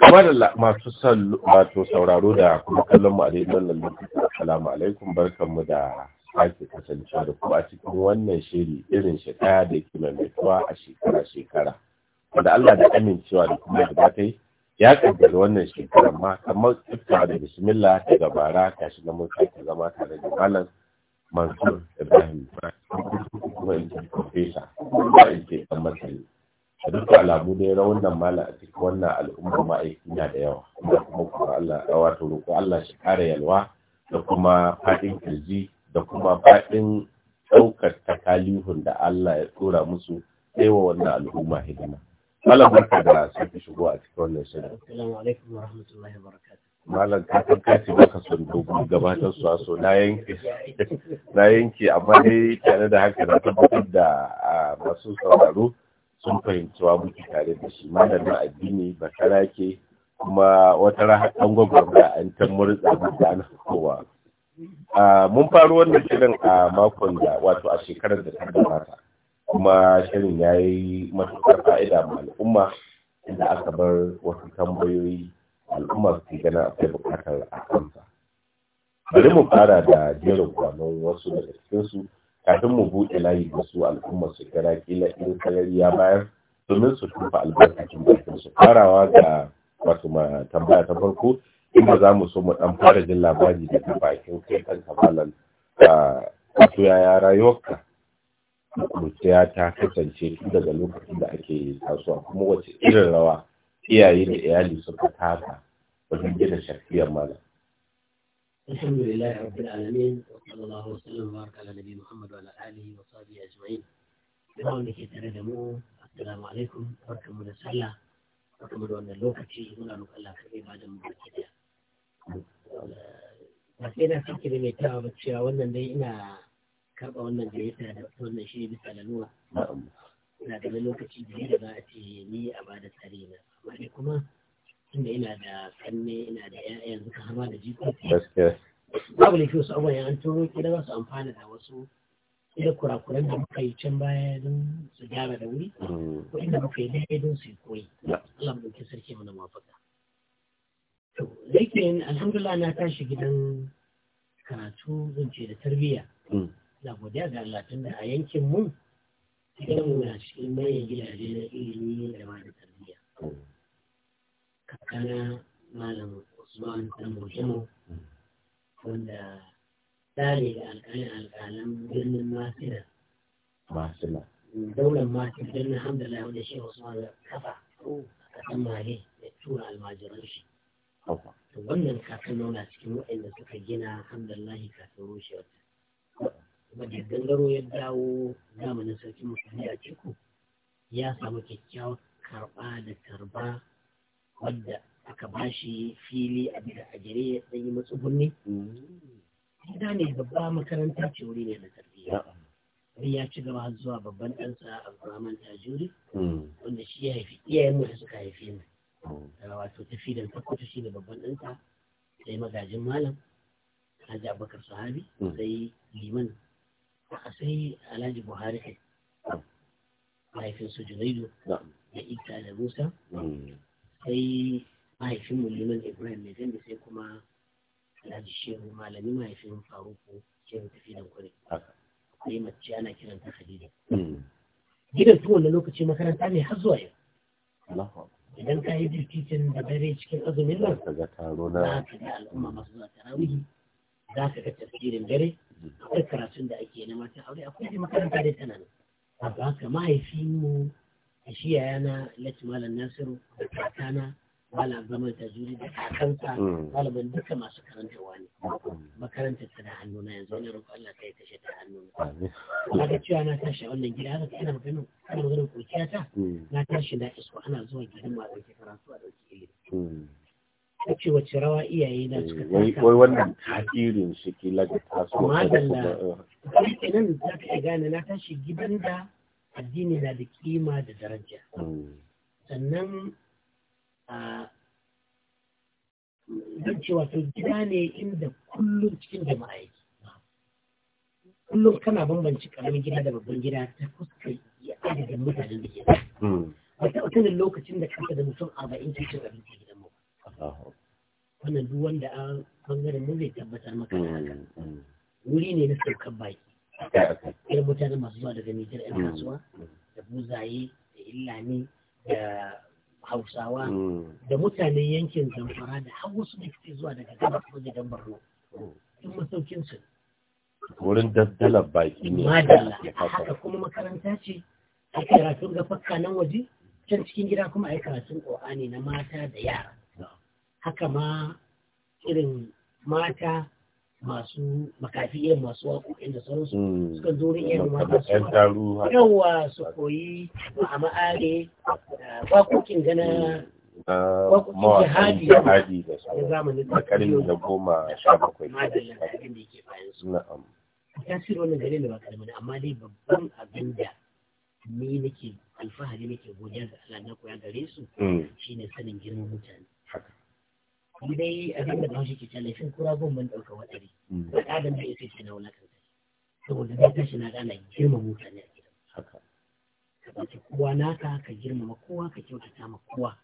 Kamarilla masu wato sauraro da kuma kallon mu a rediyon lalata. Assalamu alaikum barkanmu da sake kasancewa da kuma a cikin wannan shiri irin shi da ke maimaituwa a shekara-shekara. Wanda Allah da amincewa da kuma da ta yi ya kaddara wannan shekarar ma kamar tsifta da bismillah daga bara kashi na mun sake zama tare da malam Mansur Ibrahim Ibrahim kuma in ce profesa kuma in ce ɗan masani. da duk alamu dai rawan wannan mala a cikin wannan al'umma ma'aiki na da yawa inda kuma kuma Allah wato roƙo Allah shi kare yalwa da kuma faɗin kirji da kuma faɗin ɗaukar takalihun da Allah ya tsora musu sai wa wannan al'umma hidima malam barka da sake shigo a cikin wannan shirin assalamu alaikum warahmatullahi wabarakatuh. wa malam ka san ka baka son dogo gabatar su so na yanke na yanke amma dai tare da haka na tabbatar da ah, masu sauraro sun fahimci wa muke tare da shi malamin addini ba ke kuma wata rahaton gwagwarmaya an can murza an kowa mun faru wannan shirin a makon da wato a shekarar da ta gabata kuma shirin ya yi matuƙar fa'ida ma al'umma inda aka bar wasu tambayoyi al'umma su gana akwai buƙatar a kansa bari mu fara da jerin kwanon wasu daga cikinsu kafin mu buɗe layi da su al'umma su kira kila in sarari ya bayar domin su tufa albarkacin bakin su farawa ga wasu tambaya ta farko inda za mu so mu dan fara jin labari da daga bakin kai kamalan a wato yaya rayuwarka kurciya ta kasance tun daga lokacin da ake kasuwa kuma wace irin rawa iyaye da iyali suka taka wajen gina shafiyar malam الحمد لله رب العالمين وصلى الله وسلم وبارك على نبي محمد وعلى اله وصحبه اجمعين. بقولك ترجموا السلام عليكم بركم من السلة بركم من اللوكة ولا نقلع كريم بعد من الكتاب. لكن في كلمة تعب تشيا وانا دي انا كابا وانا دي انا دكتور نشيري بس على نوع. نعم. لكن اللوكة تشيا دي انا باتي مي ابادة كريمة. وعليكم السلام. tunda ina da kanne ina da yanzu ka hama da jikoki babu laifi wasu abubuwan yan turo ki da su amfana da wasu ila kurakuran da muka yi can baya don su gyara da wuri mm. ko inda muka yi daidai don su yi koyi Allah mu dauki sarki na mafaka to laifin alhamdulillah na tashi gidan karatu zan da tarbiyya mm. na godiya ga Allah tun da a yankin mu gidan mu na cikin manyan gidaje na ilimi da ma da tarbiyya mm. kana malam usman dan mujimo wanda tsari da alƙalin alƙalin birnin masila masila daular masila birnin hamdala wanda shi usman ya kafa a ƙasan mali da tura almajiran shi to wannan kakan nuna cikin waɗanda suka gina hamdallahi kafin rushewar wadda gangaro ya dawo zamanin sarki musulmi a ciku ya samu kyakkyawar karɓa da karɓa. wadda aka ba shi fili a bida a jere ya tsayi matsugunni mm. gida ne babba makaranta ce wuri ne na tarbiyya sai ya ci gaba zuwa babban ɗansa abdurrahman tajuri mm. wanda shi ya haifi iyayen mu da suka haifi ni mm. wato tafi da takwata shi ne babban ɗansa sai magajin malam alhaji abubakar sahabi sai liman sai alhaji buhari kai mahaifin junaidu da ita da musa sai mahaifinmu liman ibrahim mai zai sai kuma alhaji shehu malami mahaifin faruku shehu tafi da kure akwai mace ana kiranta khadija hmm. gidan tun wanda lokaci makaranta ne har zuwa yau idan ka yi dirtitin da dare cikin azumin nan za ka ga al'umma masu zuwa tarawihi za ka ga tafsirin dare hmm. akwai karatun da ake na mata aure akwai makaranta dai tana nan a haka mahaifinmu a yana yayana lati malam nasiru da kakana malam abdulmai tajiri da kakansa mm. malaman duka masu karantarwa ne mm. makarantar ta da hannuna yanzu wani roƙo Allah ta yi tashe ta hannuna kuma ga cewa na tashi a wannan gida haka ana maganin ana maganin kurciya ta mm. na tashi na isko ana zuwa gidan ma ɗauke karatu a ɗauki ilimi ta ce wace rawa iyaye na suka eh, taka wai wannan tasirin shi kila ga tasowa madalla eh. nan za ka gane na tashi gidan da addini na da kima da daraja sannan a zan ce wato gida ne inda kullum cikin jama'a yake kullum kana bambanci karamin gida da babban gida ta fuskar adadin mutanen da ke wata hmm. watanin lokacin da kasa da mutum arba'in ke cin abinci gidan mu wannan duk wanda a bangaren mu zai tabbatar maka da haka hmm, hmm. wuri ne na saukar baki irin mutane masu zuwa daga Nijar 'yan kasuwa da buzaye da illani da hausawa da mutane yankin zamfara da har wasu da suke zuwa daga gabas wajen borno sun masaukin su wurin daddalar baki ne madalla haka kuma makaranta ce a karatun ga fakka nan waje can cikin gida kuma a yi karatun ƙo'ani na mata da yara haka ma irin mata masu makafiyar masu waƙoƙin da sauransu hmm. suka zo rin yan mata su yawa su koyi a ma'are waƙoƙin gana hmm. waƙoƙin jihadi da zamanin da karni da goma sha bakwai madallan abin da ke bayan su tasiri wannan gare ne ba kalmi amma dai babban abin da ni nake alfahari nake godiya ga Allah na koya gare su hmm. shine sanin girman mutane ni dai abin da ke ɗauka wadari ba hmm. da na wani kowa naka ka girmama kowa ka kyautata ma kowa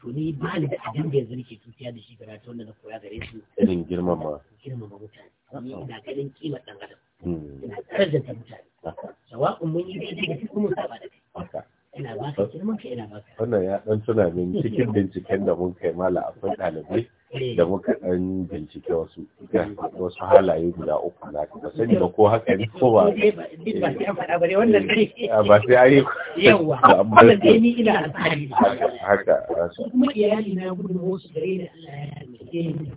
to ba ni da abin da yanzu nake tutiya da shi gara ta wanda na koya gare su irin girmama girmama mutane ni ina ganin kimar ɗan adam hmm. ina mutane sawa'un mun yi daidai da kuma saba da kai ina ba ka ina ba ka wannan ya ɗan tuna min cikin binciken da mun kai mala akwai ɗalibai Eh. da muka ɗan bincike wasu wasu halaye guda uku na ka ba sani ba ko haka ne ko ba eh, eh, ba sai an yi yawa wannan dai ni ina alfahari haka kuma iyali na gudun wasu gare da Allah ya taimake ni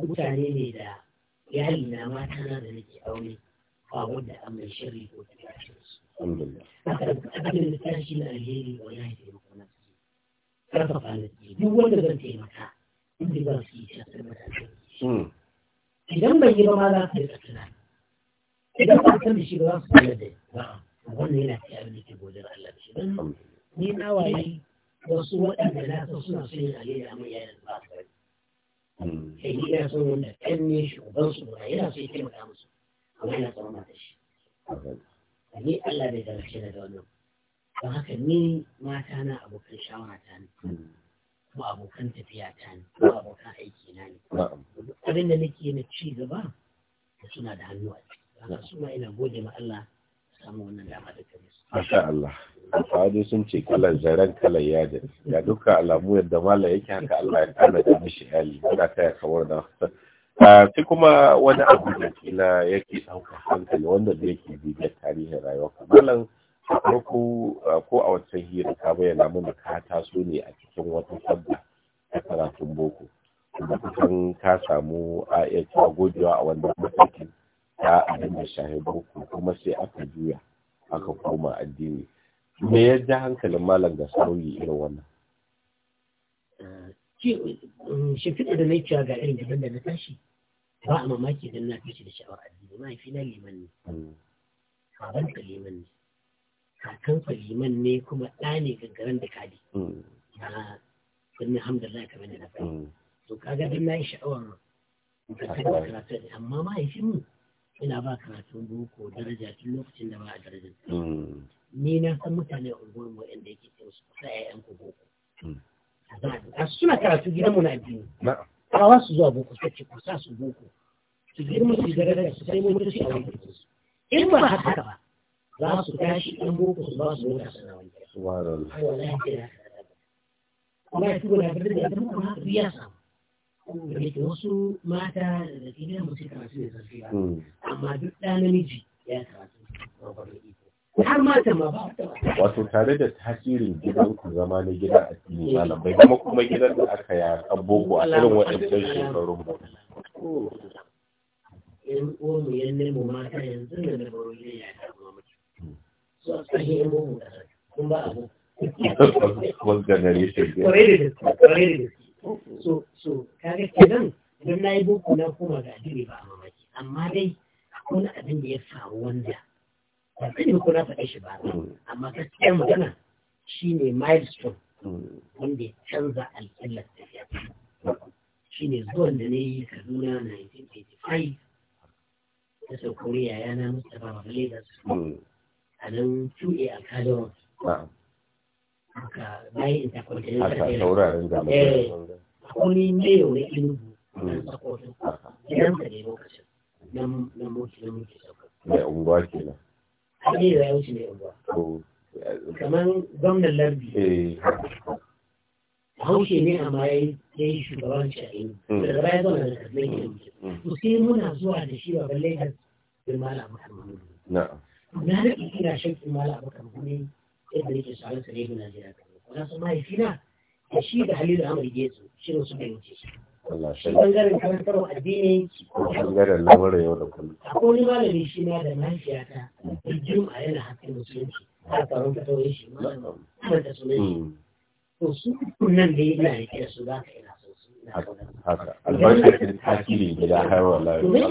mutane ne da iyali na mata na da nake aure ba wanda an mai shirri ko tashin su haka abin da tashi na alheri wallahi taimako na su karfafa na duk wanda zan taimaka inda za su yi shafin Idan bai yi ba ma za su yi tsakina. Idan ba san da shi ba za su kula da ba. Wannan yana ta yawon yake godar Allah da shi. ni na waye wasu waɗanda na san suna son yin alayyar amma yayin ba su bari. Kai hmm. ni ina son wanda ɗan ne shugaban su ba yana so ya taimaka musu. Amma yana tsawon mata shi. Ni Allah bai zarce da wannan. Don haka ni mata na abokan shawara ta ne. Hmm. ko abokan tafiya ta ne ko abokan aiki na ne abin da nake na ci gaba suna da hannu a ciki su ma ina gode ma Allah samu wannan dama da kare su masha Allah Fadu sun ce kalan zaren kalar yajin ga duka alamu yadda mala yake haka Allah ya kana da mishi ali muna taya kawar da ah, sai kuma wani abu da kila yake ɗaukar hankali wanda da yake bibiyar tarihin rayuwa kamalan farko ko a wata hira ka bayyana mana ka taso ne a cikin wata sabba ta karatun boko da kusan ka samu a iya cewa gojewa a wannan mataki ta abin da shahi boko kuma sai aka juya aka koma addini me ya ji hankalin malam ga sauyi irin wannan eh, mm, shimfiɗa da na cewa ga irin gidan da na tashi ba a mamaki don na tashi da sha'awar addini mahaifina liman ne hmm. baban ka liman ne Kakan fahiman ne kuma ɗa ne gangaren da kadi mm. na birnin hamdallah kamar da na to kaga duk na yi sha'awar karatu amma mahaifinmu ina ba karatun boko daraja tun lokacin da ba a darajar mm. ni na san mutane a unguwar mu yanda yake ce mm. su kusa ya yanku boko a suna karatu gidan mu na addini kawa su zuwa boko sace ku su boko su girma su daraja su sai mun ci a wani in ba haka ba za su tashi ɗan boko su ba su wata sana'o'i. Kuma ya da haka biya Da ke wasu mata da ke gina karatu da zafi ba. Hmm. Amma duk namiji ya karatu. Har mata ma ba Wato tare da tasirin gidan ku zama na gida a cikin malam kuma gidan da aka ya boko a irin waɗancan shekarun ba. Yan mu yan nemo mata yanzu da na baro ya ta kuma mutu. sun tsaye ba abu wanda gare shi kwarai da gaske kwarai da gaske so na yi na koma ga addini ba mamaki amma dai akwai abin da ya faru wanda ba sani ko na faɗa shi ba amma gaskiyar magana shine milestone wanda ya canza alƙallar tafiya ne zuwan da na yi kaduna 1985 ta sau koriya yana musta ba ba lagos ado eh, inugu mm. ne lokacin nan nan mutu unguwa ke nan ne unguwa oh, kamar gwamnan lardi eh. haushe ne amma ya yi shugaban a mm. daga baya zama da kasar yankin mm. to sai muna zuwa da shi babban lagos bin malam شمس ما لا بكم هني ابن يجلس على سرير من الجلاد ولا سمع فينا الشيء ده حليل الأمر يجلسوا شنو سبب الجلسة الله شاء الله. الله شاء الله. الله شاء الله. الله شاء الله. الله شاء الله. الله شاء الله. الله شاء الله. الله شاء الله. الله شاء الله. الله شاء الله. الله شاء الله. الله شاء الله. الله شاء الله. الله شاء الله.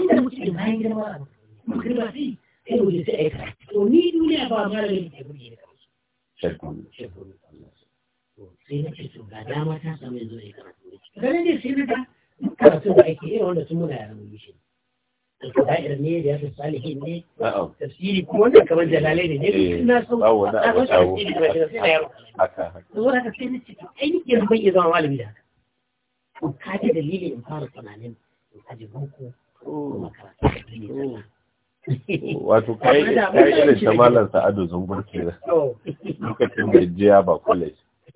الله شاء الله. الله شاء wanda sun muna yaran mun shi alfa'ir ne da ya salihin ne tafsiri kuma wanda kamar jalalai ne ne eh, na na tafsiri zama malami da haka to ka in fara tunanin in ka ji boko ko oh. oh. wato kai sa'adu oh. lokacin da jiya ba college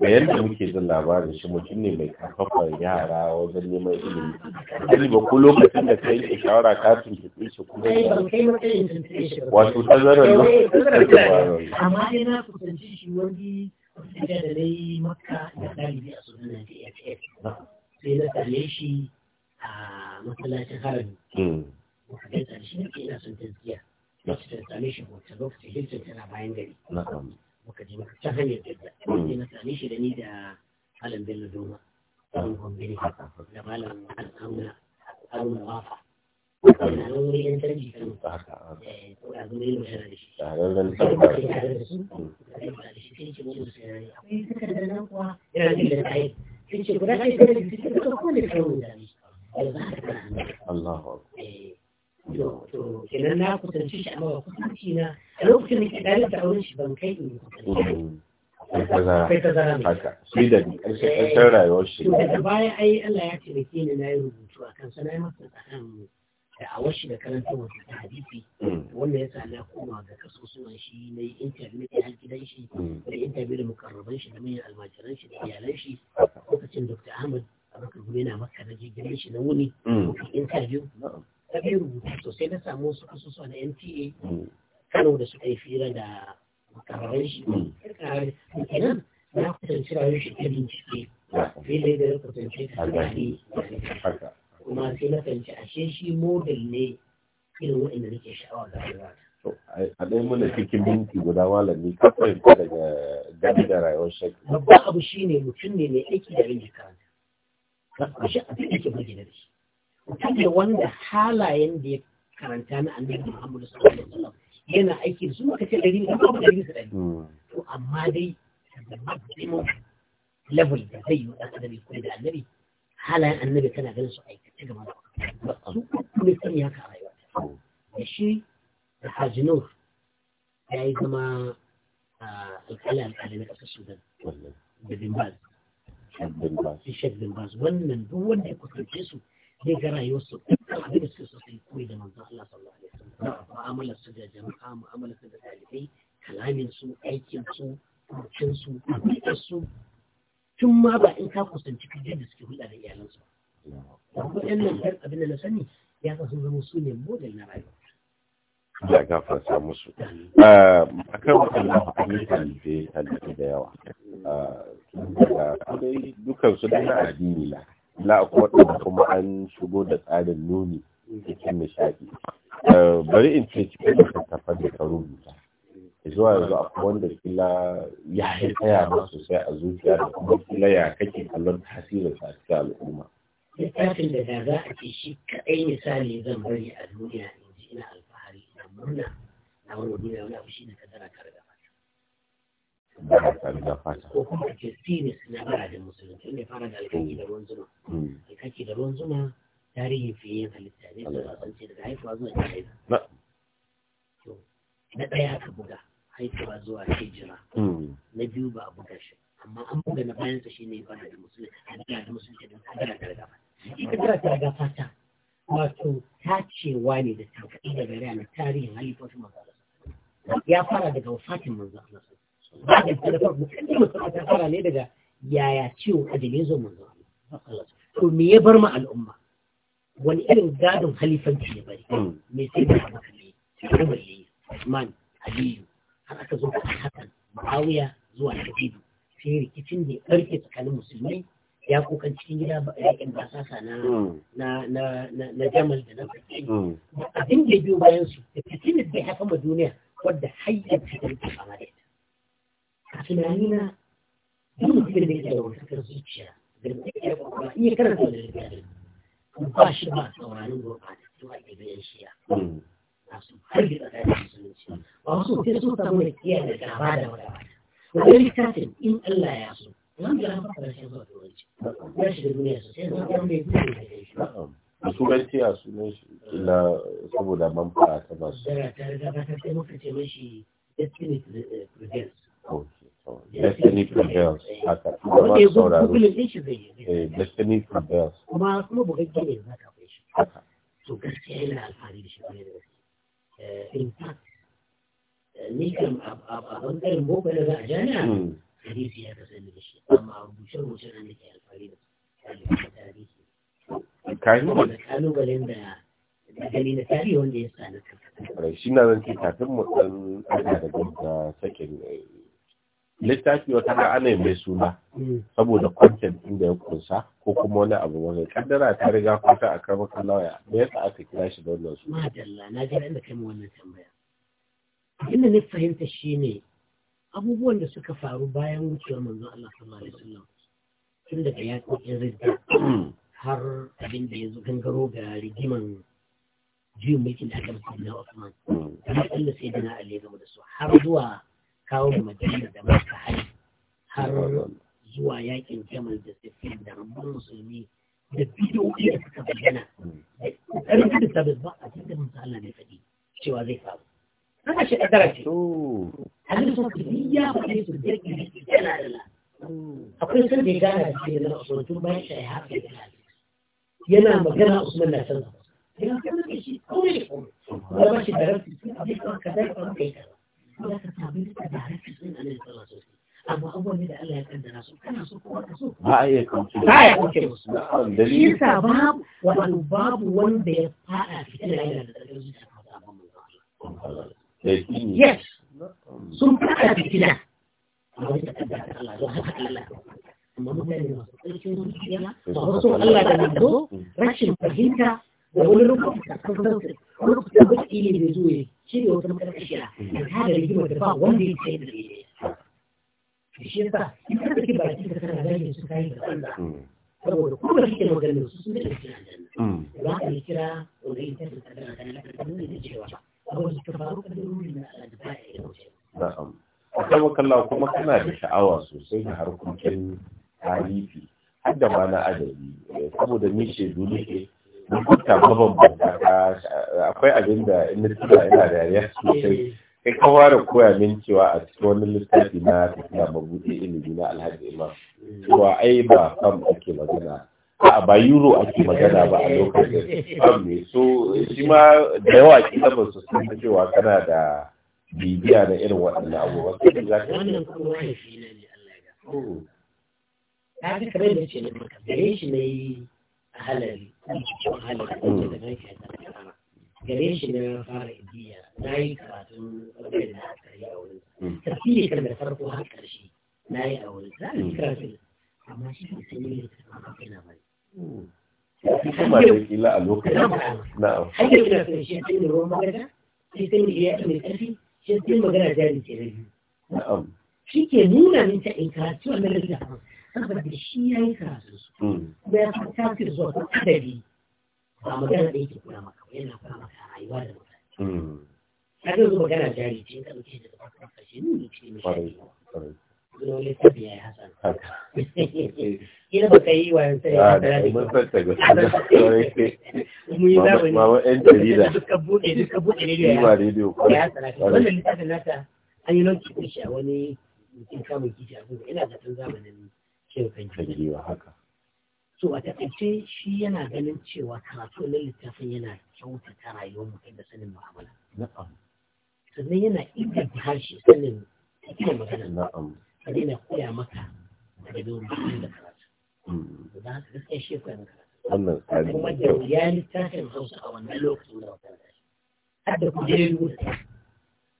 da yadda muke jin labarin shi mutum ne mai karfafa yara wajen neman ilimi ilimi ba ko lokacin da ka yi shawara ka tuntuɓe shi kuma wato tazarar eh, lokacin amma ina kusanci shi wani da da dai makka da ɗalibi a sunan da tff sai na tsalle shi a masallacin harami hmm. muka gaisa da shi ne ina son tazkiya na tsalle shi hoton lokacin hilton tana bayan gari muka je muka can hanyar jidda sai na same shi da ni da malam bello doma malam kwambini da malam al'amuna haruna wafa na nan wuri yan tarji kan ko a zuwa yin magana da shi sai ce wani musulmani akwai suka da nan kuwa yana jin da tsaye sai ce guda ɗaya da su suka kusa kowane da kai wani zami Allah to kenan na kusanci shi amma kusanci na a lokacin da ke tare da auren shi ban kai ne mm. akwai tazara haka shi da ƙarshen rayuwar shi daga baya ai Allah ya taimake ni na yi rubutu a kansa na yi masa tsakan da a washi da karanta wata ta hadisi mm. wanda ya sa na koma ga kasusuwan shi na yi interview da halkidan shi da mm. interview da mukarraban shi da manyan almajiran shi da iyalan shi lokacin Dr. Ahmad Abubakar Gumi na maka na jirgin shi na wuni interview ta biyu rubutu sosai na samu wasu kasusuwa na NTA kano da suka yi fira da makarai shi ne mm. kenan na kusanci rayuwar shi ta bincike fiye da yadda na kusanci ta tunani kuma sai na fahimci ashe shi model ne irin waɗanda nake sha'awa ga rayuwa a ɗaya mana cikin minti guda malami ka fahimta daga gani da rayuwar shakki babban abu shi ne mutum ne mai aiki da rinji karanta ashe abin da ke bagina da shi mutum ne wanda halayen da ya karanta na annabi muhammadu sallallahu alaihi wasallam yana aiki da su aka ce ɗari ne kuma ɗari su ɗari to amma dai da maximum level da zai yi ɗan adam kuma da annabi halayen annabi kana ganin su aikace gaba da su kuma sun yi haka a rayuwa da shi da hajinur ya yi zama alƙali alƙali na ƙasar sudan da bimbaz shek bimbaz wannan duk wanda ya kusance su zai ga rayuwarsu abin da suke sosai koyi da manzon Allah sallallahu alaihi wasallam mu'amalar su da jama'a mu'amalar su da ɗalibai kalamin su aikin su su su tun ma ba in ka kusanci kaje da suke hulɗa da iyalansu ba kuma ɗan nan ɗan abin da na sani ya san sun zama su ne model na rayuwa da gafarta musu a kan waɗannan hukumin talibai talibai da yawa dukansu da na addini na la kuma an shigo da tsarin nuni cikin nishaɗi eh, bari in ce cikin littattafan da ka rubuta zuwa yanzu akwai wanda kila ya yi ma sosai a zuciya da kuma kila ya kake kallon tasirin sa cikin al'umma littafin da da za a ce shi kaɗai misali zan bari a duniya in ji ina alfahari ina murna na wani duniya wani abu shi ne ka zara kare da fata. Ko kuma ke siris na bara da musulunci inda fara da alkaki da ruwan zuma. Mm. Alkaki da ruwan zuma tarihin fiye halitta ne da kasance daga haifuwa zuwa hijira na ɗaya aka buga haifuwa zuwa hijira hmm. na biyu ba a buga shi amma an buga na bayan sa shine ba da musulmi da da musulmi da kadara da gafa ita kadara da ga fata. wato tacewa ne da tankaɗi daga na tarihin halifofin manzo Allah ya fara daga wafatin manzo Allah ba da ta da farko kan musulmi ta fara ne daga yaya ciwo ajalin zo manzo Allah to me ya bar ma al'umma wani irin gadon halifanci ya bari hmm. me sai da abu kalli umar yayi usman aliyu har aka zo kan hakan muawiya zuwa yazidu sai rikicin da ya tsakanin musulmai ya kokan cikin gida ba yakin basasa hmm. na na na na jamal da na fakiri hmm. abin da biyo bayan su da fitinis da ya ma duniya wadda hayyar ta da fama da a tunanina duk da ya da wata zuciya da ya karanta da ba shi ba sauranin gurɓatattu a ɗabi'ar shiya. A su harbi tsakanin musulunci. Ba wasu sai sun samu da kiyaye da gaba da wadawata. Wani littafin in Allah ya so. Nan da an fara shi zuwa turanci. Ya shiga duniya sosai zan ɗan bai buɗe da shi. Da turanci a sunan shi ila saboda manfa'a ta masu. Da ta ta sai muka ce mashi destiny prevails. Eh, destiny prevails eh, eh, haka kuma destiny prevails kuma kuma bugagge ne za ka kai shi haka to gaskiya yana alfahari da shi kwarai da gaske in fact ni kan a bangaren boko da za a jami'a hmm. hadisi ya kasance da shi amma a rubuce rubuce na nake alfahari da su kalubalen kalubalen da gani na tari wanda ya sa na kanka shi na zan ce kafin mu ɗan dan da gudu da sakin littafi wata da ana mai suna mm. saboda content inda ya kunsa ko kuma wani abu wani kaddara ta riga kwata a karbar kallaya me yasa aka kira shi da wannan suna madalla na ga inda kai wannan tambaya inda ni fahimta shine abubuwan da suka faru bayan wucewar manzon Allah sallallahu alaihi wasallam tun daga yaƙoƙin ridda har abin da ya zo gangaro ga rigiman mai kin da aka mutu Osman mm. Allah sai dana Ali game da su har zuwa kawo mu madina da maka hari har zuwa yakin jamal da sifin da rabon musulmi da bidiyoyi da suka bayyana da ƙarfi da sabis ba a cikin musu Allah bai faɗi cewa zai faru haka shi ƙaddara ce Hadin su su biya ba ne su da jirgi yana da la akwai sun da ya gana da shi da Usman tun bayan shi ya haka da yana magana Usman na san yana kuma da shi kome da kome ba shi da rafi sun abin da ka zai faru da ba ka samu duka da harfi sun alaihi amma abubuwan da Allah ya kaddara su kana so ko so ba a iya kauce ba a kauce musu dalili yasa babu wato babu wanda ya fada fitina yana da tsarkin zuciya ka yes sun fada fitina amma da ta Allah don haka Allah amma mutane masu zuciya ba wasu Allah da rashin fahimta da wani rubuta conference wani da zuwa shi ne wata da ta da rigima da ba wanda ya tsaye da rigima shi yasa in ka baki da kana su kayi da banza saboda kuma su sun da ka yi kira wanda ya tsaye da kana da da cewa ka faru na akwai kuma kana da sha'awa sosai da harkokin tarihi har da ma na adabi eh, saboda ni shaidu ke. lokuta mabambanta akwai abin da in tuna yana dariya sosai kai ka fara koya min cewa a cikin wani lissafi na tafiya mabuɗe ilimi na alhaji imam cewa ai ba fam ake magana a ba euro ake magana ba a lokacin fam ne so shi ma da yawa ki ba su san cewa kana da bibiya na irin waɗannan abubuwa kai za ka wannan kuma wahifi ne Allah ya ga ka ji kamar da ce ne maka gare shi na yi a halari gare shi na fara indiya na yi karatun ɓangaren da aka yi a wurin tafiye kan da farko har ƙarshe na yi a wurin za a yi karatun amma shi ne sai ne a kafin na bari kuma da kila a lokacin na'am har yau da kai shi sai ne ruwan magana shi sai ne iya mai ƙarfi shi sai magana jari ce na biyu shi ke nuna min ta in karatu a mai da saboda shi ya yi karatu kuma hmm. ya san tasiri zuwa ko ba magana da yake kula maka yana kula maka rayuwa da mutane a zai zo magana jari ce ka da ɗaukar kashe nuni ce mai shari'a zuwa lissafi ya yi ina ba ka yi wa yanzu ya hasa da ah, mun sassa ga mun yi zaɓi mama jarida duka buɗe duka buɗe rediyo ya hasa na wannan lissafin nata an yi lauki shi a wani mutum kamun kishi a ina zaton zamanin cin hanci ba haka so a takaice shi yana ganin cewa karatu na littafin yana kyautata rayuwar mutum da sanin mu'amala sannan yana inganta harshe sanin hikimar magana na'am a daina koya maka daga doron mutum da karatu mm. da haka gaskiya shi koya maka wannan tsari kuma da ya littafin hausa a wannan lokacin da wata da shi har da kujeru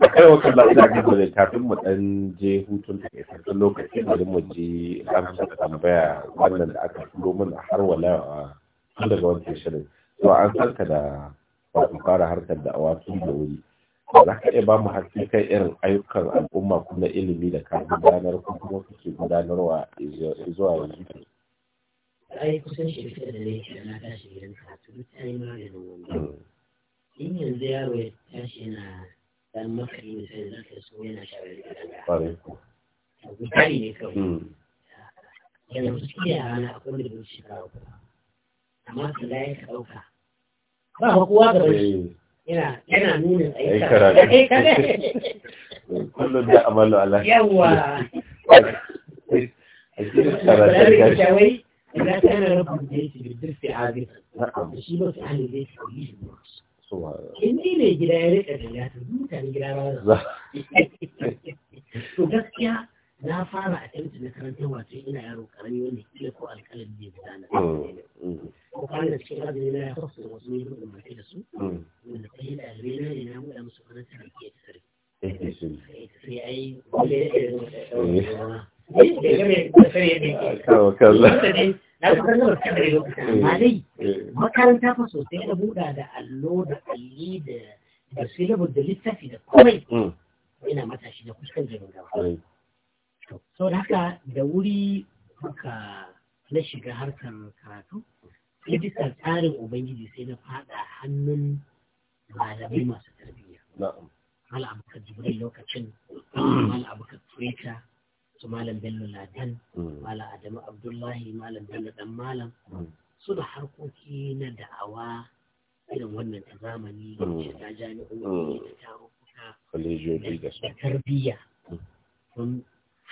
a kai wata lafiya ina ji da kafin mu dan je hutun da ke sassan lokaci bari mu je amsa da tambaya wannan da aka turo mana har wala tun daga wancan shirin to an sarka da wato fara harkar da awa tun da wuri za ka iya ba mu haske kai irin ayyukan al'umma kuma ilimi da ka gudanar ko kuma kuke gudanarwa zuwa yanzu ai kusan shekara da laifi na tashi gidan karatu duk ta yi maganin wanda in hmm. yanzu yaro ya tashi yana dan mafi misali za ka so yana shawarar da misali ne kawai yana musu iya rana a kowane da wuce kawo kuma amma su da ya ɗauka ba hakuwa ga wani yana yana nuna aikara kullum da amalu ala yawa a cikin karatun gashi idan kana rabu da yake da dirfi a zai shi ba su hali zai su yi shi Inni ne gida ya rika da ya tafi mutane gaskiya na fara a na wato ina yaro karami wanda kila ko alƙalin Ko da azumi na ya fasa wasu ne da da su. Wanda ta yi na ne na muɗa musu kwanan ke ta Sai ai wanda ya wani. Na su da kadare makaranta fa sosai da buɗa da allo da alli da da silabus da littafi da komai mm. ina matashi da kuskan jirin gaba sau da haka da wuri haka na shiga harkar karatu sai bisa tsarin ubangiji sai na faɗa hannun malamai masu tarbiyya abu ka jibril lokacin abu ka tureta su malam bello ladan mm. mala adamu abdullahi malam bello dan malam mm. su da harkoki na da'awa irin wannan ta zamani shiga mm. jami'o'i mm. da tarurruka da tarbiyya mm. don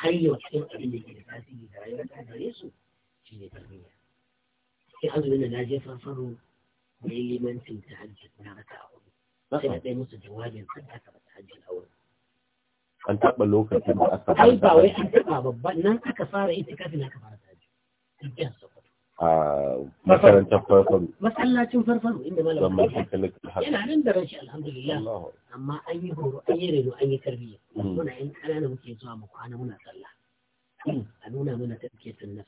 har yau cikin abin da ke da tasiri da rayuwar ta gare su shi ne tarbiyya sai azumin da na je farfaro da yi limancin ta hajji na raka a wani sai na ɗaya musu jawabin kan aka ba ta hajji a wani an taɓa lokacin da aka ai ba wai an taɓa babban nan aka fara ita kafin aka fara ta hajji masallacin makarantar farfaro masallacin farfaro inda malam yana nan da rashi alhamdulillah amma an yi horo an yi reno an yi tarbiyya mm. muna yin ƙanana muke zuwa mu kwana muna sallah mm. a nuna mana tarbiyya sunna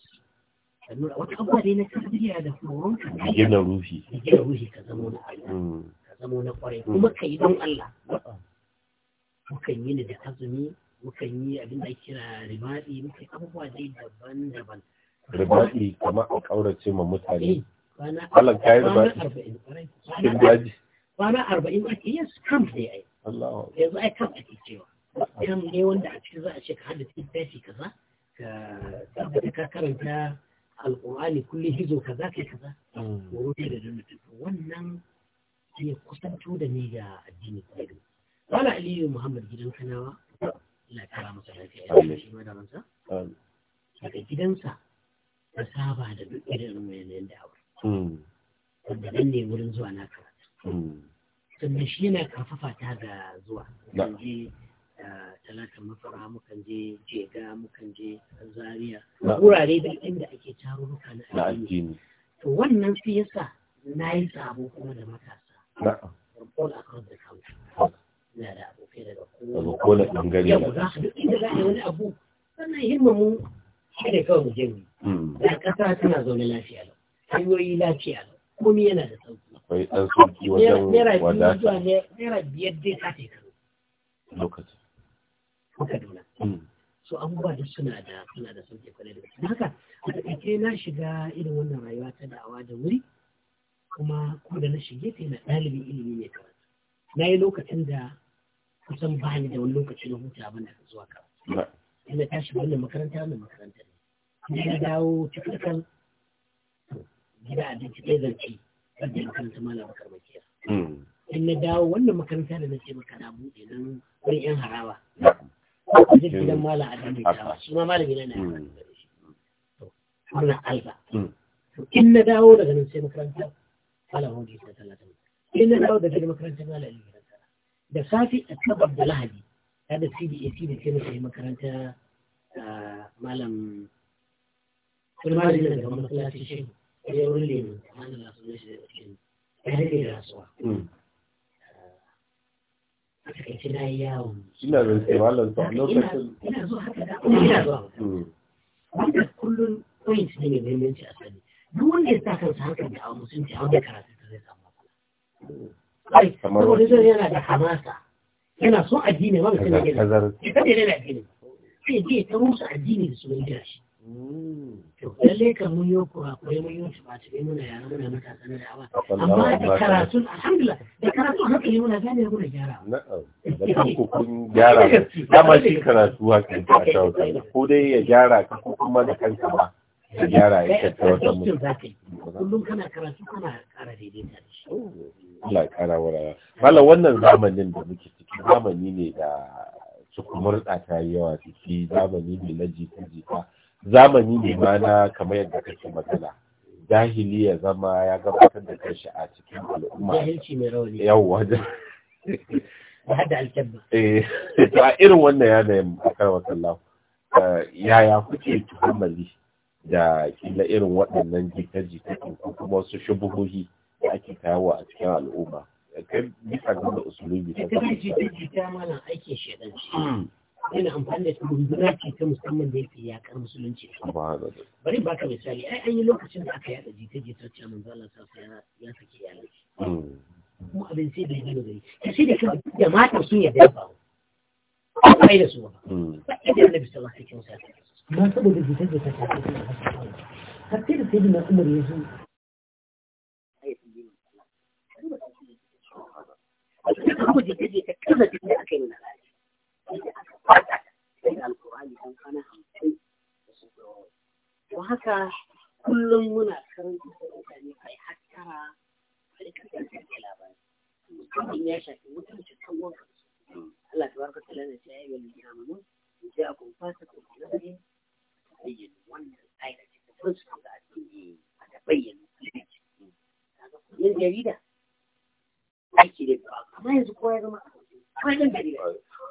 wata abuwa dai na tarbiyya da horon ka gina ruhi gina ruhi ka zamo na Allah mm. ka zamo na kwarai kuma ka yi don Allah mukan yi ni da azumi mukan yi abin da kira ribadi mukan abubuwa dai daban-daban ribaɗi kamar a ƙaurace ma mutane eh, Allah ka yi ribaɗi cikin daji kwana arba'in ake yin kam ne ai yanzu ai kam ake cewa kam ne wanda a cikin za a ce ka hada cikin tashi kaza ka ka karanta alƙur'ani kullum hizo kaza kai kaza wuri hmm. da dundun wannan ya kusanto da ni ga addini kwayo wala aliyu muhammad gidan kanawa Allah ya kara masa lafiya ya shi madaransa daga gidansa ka saba da duk irin yanayin da aure hmm. wanda nan ne wurin zuwa na karatu hmm. sannan shi yana kafafa ta ga zuwa kan je eh, talatan mafara mukan je jega mukan je zaria wurare da inda ake tarurruka na addini to wannan sai yasa na yi sabo kuma da matasa all across da country na da abokai daga kowa. kowane ɓangare yau za a duk inda za a yi wani abu sannan himmamu shi ne kawai mu je mu yi. da hmm. ƙasa tana zaune lafiya lau hanyoyi lafiya lau komi yana da sauki akwai ɗan sauki wajen wadata naira biyar dai ta ta karo lokaci ko kaduna hmm. so abubuwa da suna da suna da sauki kwarai da gaske haka a taƙaice na shiga irin wannan rayuwa ta da'awa da wuri kuma ko da na shige ta yana ɗalibin ilimi ne karatu na yi lokacin da kusan ba ni da wani lokaci na huta ban da zuwa kawai. ina tashi wannan makaranta wannan makaranta ne na dawo cikin gida abinci ɗaya zance wanda makaranta malam bakar makiya in na dawo wannan makaranta da na ce maka na buɗe nan wurin yan harawa hmm. a jikin gidan malam hmm. a mai hmm. tawa shi ma malam yana na murna alba in na dawo daga nan sai makaranta malam hudu ta talata in na dawo daga nan makaranta malam ali da safi a tabar da lahadi ta da cdac da ke makaranta ah, malam wani malami na gaban masallaci shi ya wurin lemu amma na lasu shi da cikin ya rage da rasuwa hmm. a takaice na yi yawon ina da sai malam sa lokacin ina zuwa haka da kuma ina zuwa hmm. wanda kullum point ne mai muhimmanci a sani duk wanda ya sa kansa hankali da a musulunci a wanda karatu ta zai samu matsala saboda zai yana da hamasa yana son addini ma mutum ne ne da addini sai ya ta rusa addini da sunan gina shi to lalle ka mun yi kurakurai mun yi shi ba cikin muna yara muna matasa na da'awa amma da karatu alhamdulillah da karatu haka yi muna gane muna gyara da kanku kun gyara dama shi karatu haka ya ta wata ko dai ya gyara ka ko kuma da kanka ba ya gyara ya ta wata mutum kullum kana karatu kana kara daidaita da shi Allah kara wara Malam wannan zamanin da muke ciki zamani ne da su kumurɗa ta yawa ciki zamani ne na jita-jita zamani ne ma na kamar yadda kake magana jahili ya zama ya gabatar da kanshi a cikin al'umma jahilci mai rauni yawwa hada alkyabba eh to a irin wannan yanayin a wasallahu sallahu eh, yaya kuke Tuhammali da kila irin waɗannan jita-jita ko kuma wasu shubuhohi da ake kawo a cikin al'umma kai bisa ga da usulubi ta jita-jita mana aikin shedanci yana amfani da runduna ta musamman da yake yakar musulunci bari ba ka misali ai an yi lokacin da aka yada jita jita ce manzo Allah sa ya saki yalan mu abin sai da yake gari sai da kan da sun ba ba ai da su ba sai da nabi sallallahu alaihi wasallam ma saboda jita jita ta ta har sai da sai da Umar ya zo Kuma jita jita kan da ta yi na da alkur'ani don kana hamsin da su don haka kullum muna karanta da mutane kai hattara kai kasance da labari musamman ya shafi mutunci kan wanka Allah ta barka ta lana ta yi wa gina mu sai a kun fasa ko kuma ne bayyana wannan aikace da kansu da addini a ta bayyana kaga Yin jarida aiki da ba amma yanzu kowa ya zama a kwanan jarida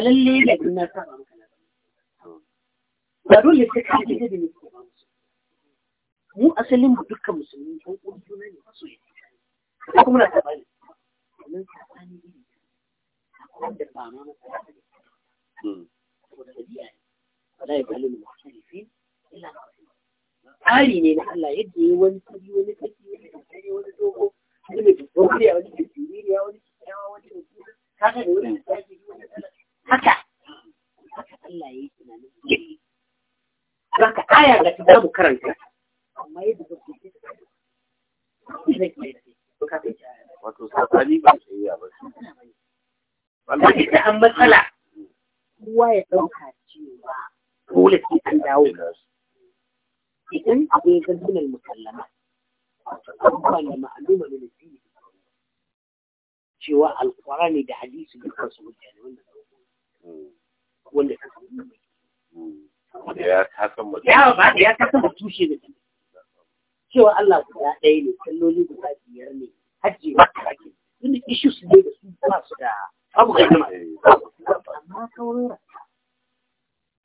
ba lalle ne in na ba dole sai ka ji da mu asalin mu dukkan musulmi ko kuma ne kuma na ya kasan mutum ya ba ya kasan mutum shi cewa Allah guda ɗaya ne kalloli guda biyar ne hajji ba ta ake tunda issues ne da su ba su da abu ga jama'a amma kawai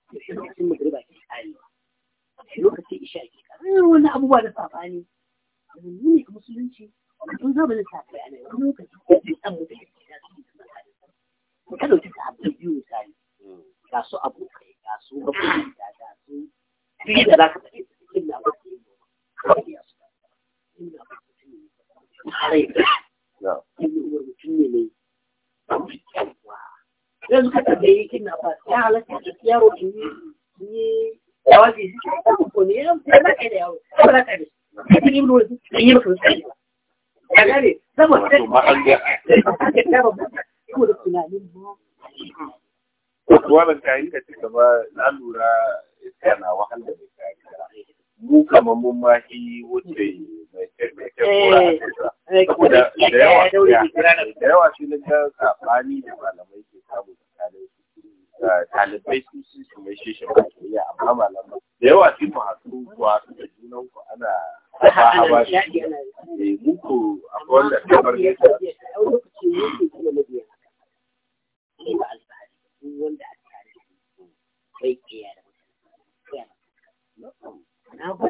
rasa lokacin magriba ke lokacin isha ke eh, wani abubuwa da ne musulunci kai a wani ko ɗan mutum halatta da yaro in yi jawabi ko ne ya kai o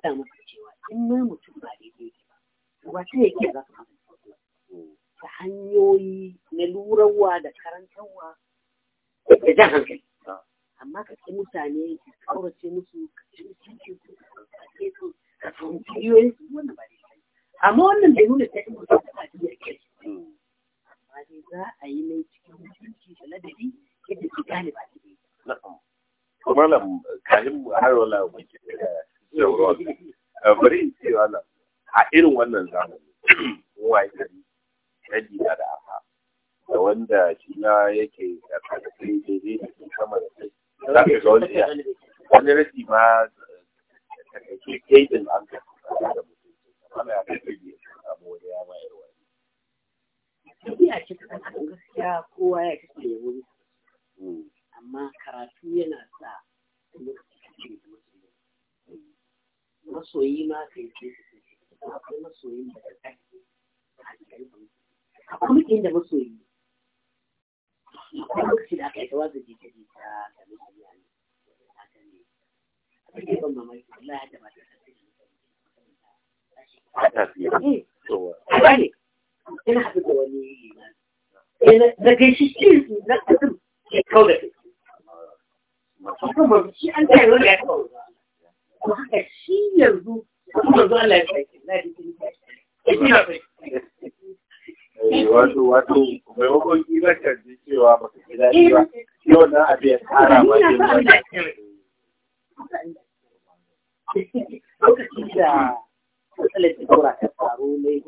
faɗa maka cewa in ma mutum ba daidai yake ba ba ta yake za ka ta hanyoyi na lurarwa da karantarwa da jan hankali amma ka ci mutane ka kaurace musu ka ce musu ka ci mutane ka fahimci iyoyin su Gracias. Eh, wato wato maimakon kila ka cewa baka ji daɗi ba yau na abin ya tsara ma ne ba lokacin da matsalar ta faru ne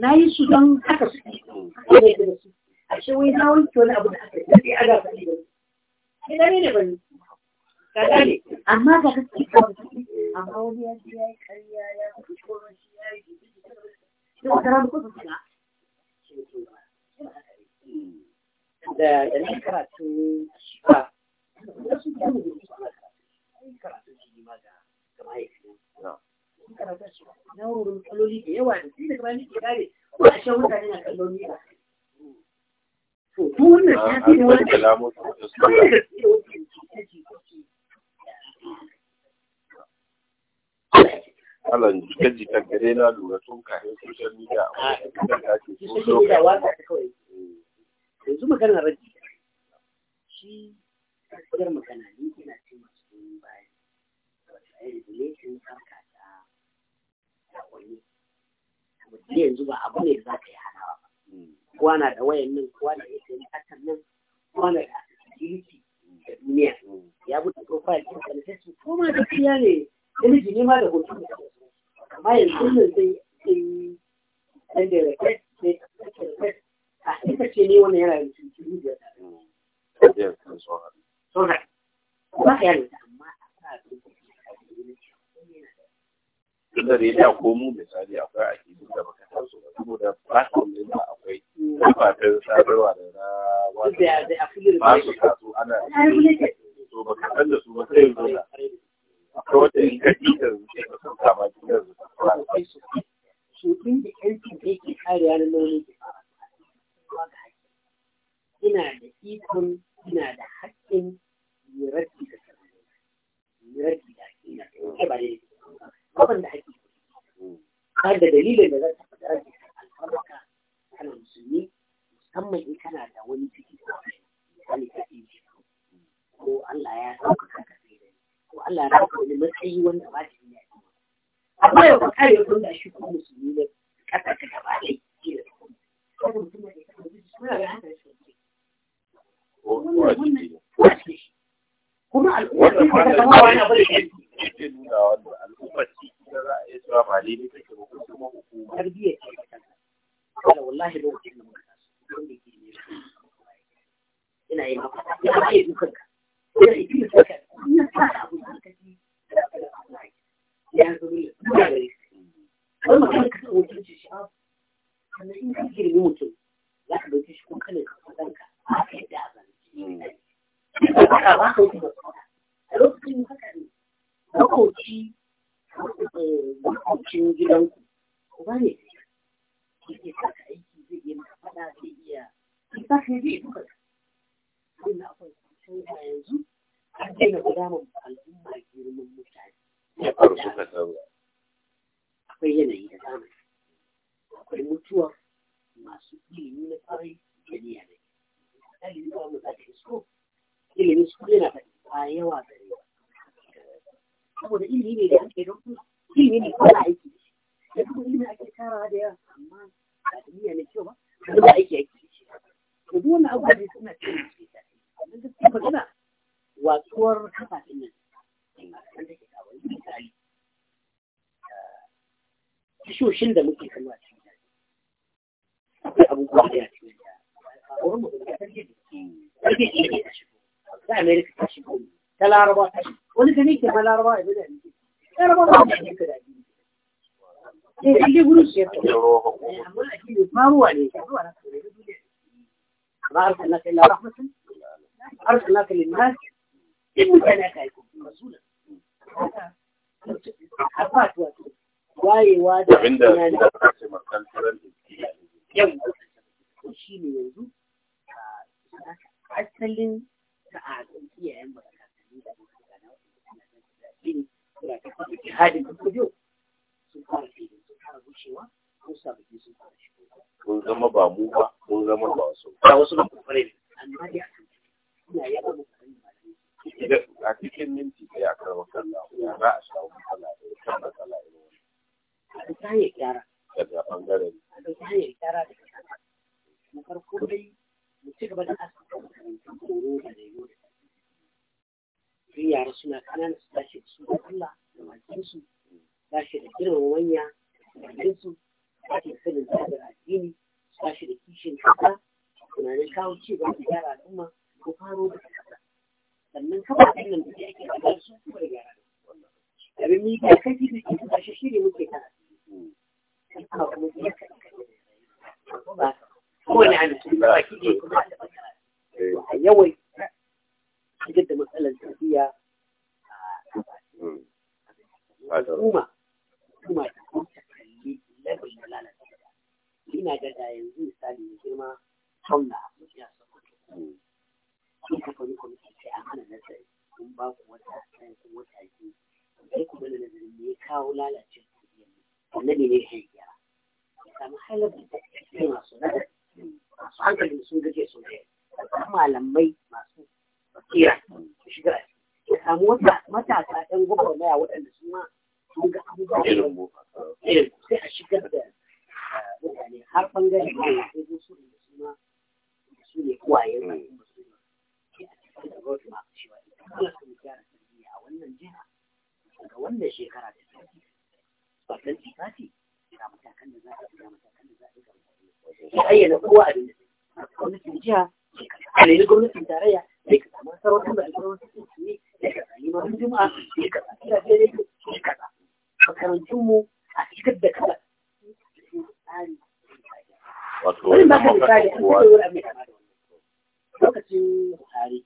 na yi su don haka su ne da a ce wai na wanke wani abu da aka yi a ne ne ne ba ne amma ga amma wani ya ji ya yi karya ya fi shi ya yi da da ne karatu shifa da ke mu karatu shi ma ga ga ma'aikatan shi na wurin kaloli da yawa da shi da kamar ke kare ko a shan mutane na kaloli ba to tun wannan ya fi da wani da da da Alan jika jika gare na lura tun kafin social media a wani da ake social media wata kawai yanzu magana raji shi kudar magana ne yana ce masu goyon baya wato a regulation harka ta sakonni mutum yanzu ba abu ne za ka yi hanawa ba Kuwa na da wayan nan kuwa na da ita hakan nan kuwa na da security da duniya mm. ya buɗe profile ɗinka na facebook ko ma gaskiya ne namiji ne ma da hoto amma yanzu nan sai sai dan da raket sai a ita ce ne wannan yana yin cikin da ya ta sauran kuma ya yi da da ya mu misali akwai a kidin da baka taso ba saboda platform din da akwai kafafen sadarwa da na wani ba su taso ana to baka san da su ba sai zo Georgia makoci makocin gidanku ku ba ne zai saka aiki zai iya maka faɗa zai iya zai saka zai iya duka wannan akwai canza yanzu an daina gudanar da al'umma girman mutane akwai yanayi da zamani akwai mutuwa masu ilimi na kwarai da niyya ne. Ɗalibi ba mu zafi so, ilimi su yana da yawa gare ba. saboda ilimi ne da ake don kuma ilimi ne kuma aiki da kuma ilimi ake tara da yawa amma a duniya ne kyau ba da ba aiki ake shi to duk wannan abubuwa ne suna cikin shi da gaskiya magana watsuwar kafafen nan wanda ke kawo misali ah, tashoshin da muke kallo a cikin daji akwai abubuwa da ya cikin da wurin mutum da karfe da ke karfe da ne ta shigo ta amerika ta shigo ta laraba ta shigo wani gani ke ba laraba ya bada ne laraba ba da ne kada ne guru ce ma ruwa ne ruwa na ba arsalna ka illa rahmatan arsalna ka lin nas in mutane ka yi rasula abat wato wayewa da abinda ta ce makantaran yau shi ne yanzu asalin sa'adun iyayen bakatanni da addini suna da sun fara fili sun fara gushewa ko sun fara shigo mun zama ba mu ba mun zama ba su ba wasu ba ku fare amma dai a kan ina yaba a cikin minti da ya kalla za a shawo matsala da ya kan matsala irin wani a ta hanyar gyara daga bangaren a ta hanyar gyara da na farko dai mu ci gaba da asibiti da rayuwa da yara suna Allah da makinsu ba shi da girmama manya da makinsu ba shi da sanin tsadar addini ba shi da kishin kasa tunanin kawo ci ba da gyara al'umma road map cewa idan Allah sun gyara tarbiyya a wannan jiha daga wannan shekara da ta ji babban tikati ga matakan da za a ga da za a ya ayyana kowa A gwamnatin jiha a gwamnatin tarayya sai ka samu sarautar da alfarwar su ne sai ka sami juma'a sai ka sami da sai ka makarantunmu a cikin da kala wato wani wani abin da lokacin buhari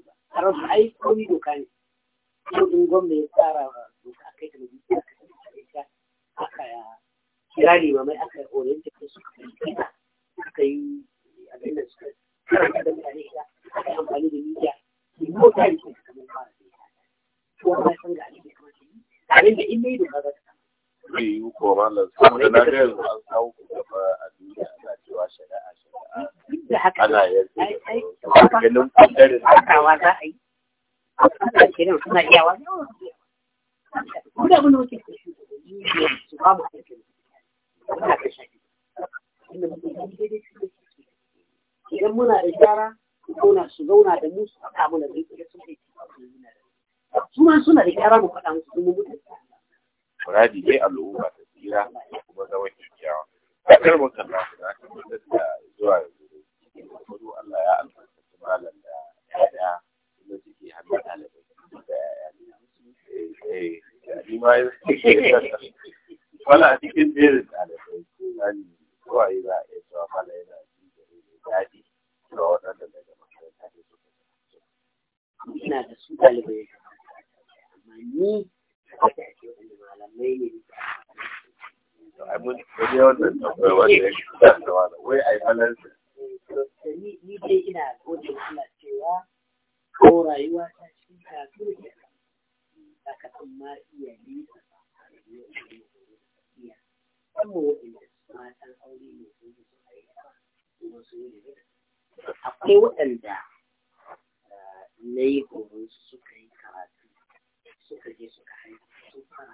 a rasu ai komi doka ne yau in gwamna ya tsara doka kai da ta aka yi ita aka kira ne mamai aka yi orienta kai suka yi kita aka yi abin da suka karanta da mutane ita aka yi amfani da media ne mota ne kai kamar fara da ita ko ba san ga abin da kamar shi abin da in mai doka za ta kama. Zai yi ko malam saboda na ga yanzu an gaba a duniya cewa shari'a shari'a ana yarda da ganin kundarin za a yi suna idan muna da gyara su zauna su zauna da mu su faɗa mana da ita sun kai su ma suna da gyara mu faɗa musu kuma mutane. Muradi dai al'umma ta tsira kuma zaman kyakkyawa. Kakar mutum na su aka mutum da zuwa yanzu da kudu Allah ya albarkaci malam da yaya da suke hannu ɗalibai da yaya ne. Ni ma yi wala a cikin jerin ɗalibai zani kawai za a iya cewa mala yana ji da daɗi ga waɗanda daga makaranta ne suka Ina da su ɗalibai amma ni da ke wani malamai ne da ai mun wanda cewa ta da matan aure yi waɗanda eh, na yi horon su yi karatu suka je fara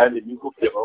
ɗalibi kuke ba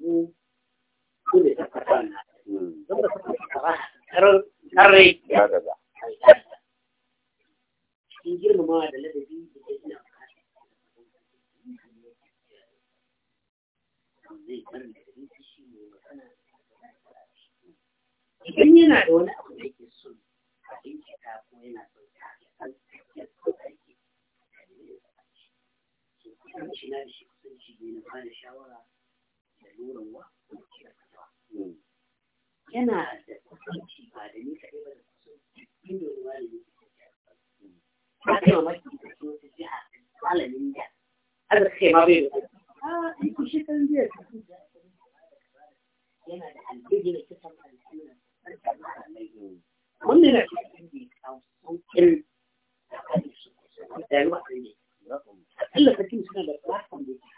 mu dole da fata na don ba su fata karai cikin girmamawa da ladabi da ke ina idan yana da wani abu da yake so a bincika ko yana son ta san tafiyar ko aiki shi na da shi kusanci ne na bada shawara ɗorawa da hmm. yana da kusanci ba da nisa ɗaya ba da kusanci inda da nisa da su wata jiha malamin da ma bai da a ai ku shi kan ziyar da su yana da aljihi da da wannan cikin da ya kawo da suna da da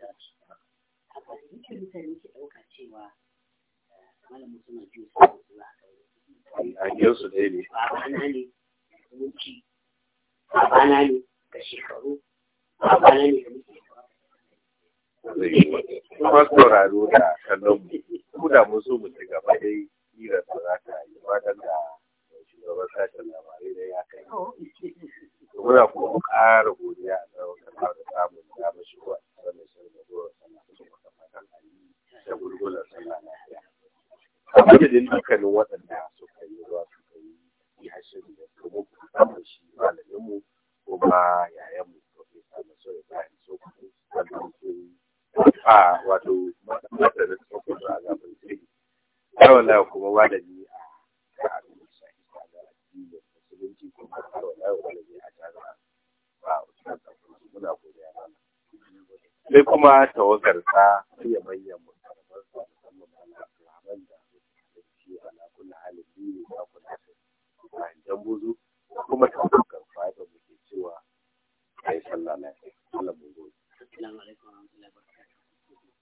yau su dai ne babana ne da zuci babana ne da shekaru babana ne da ga mutum masu sauraro da kallon mu mu da mu so mu ci gaba dai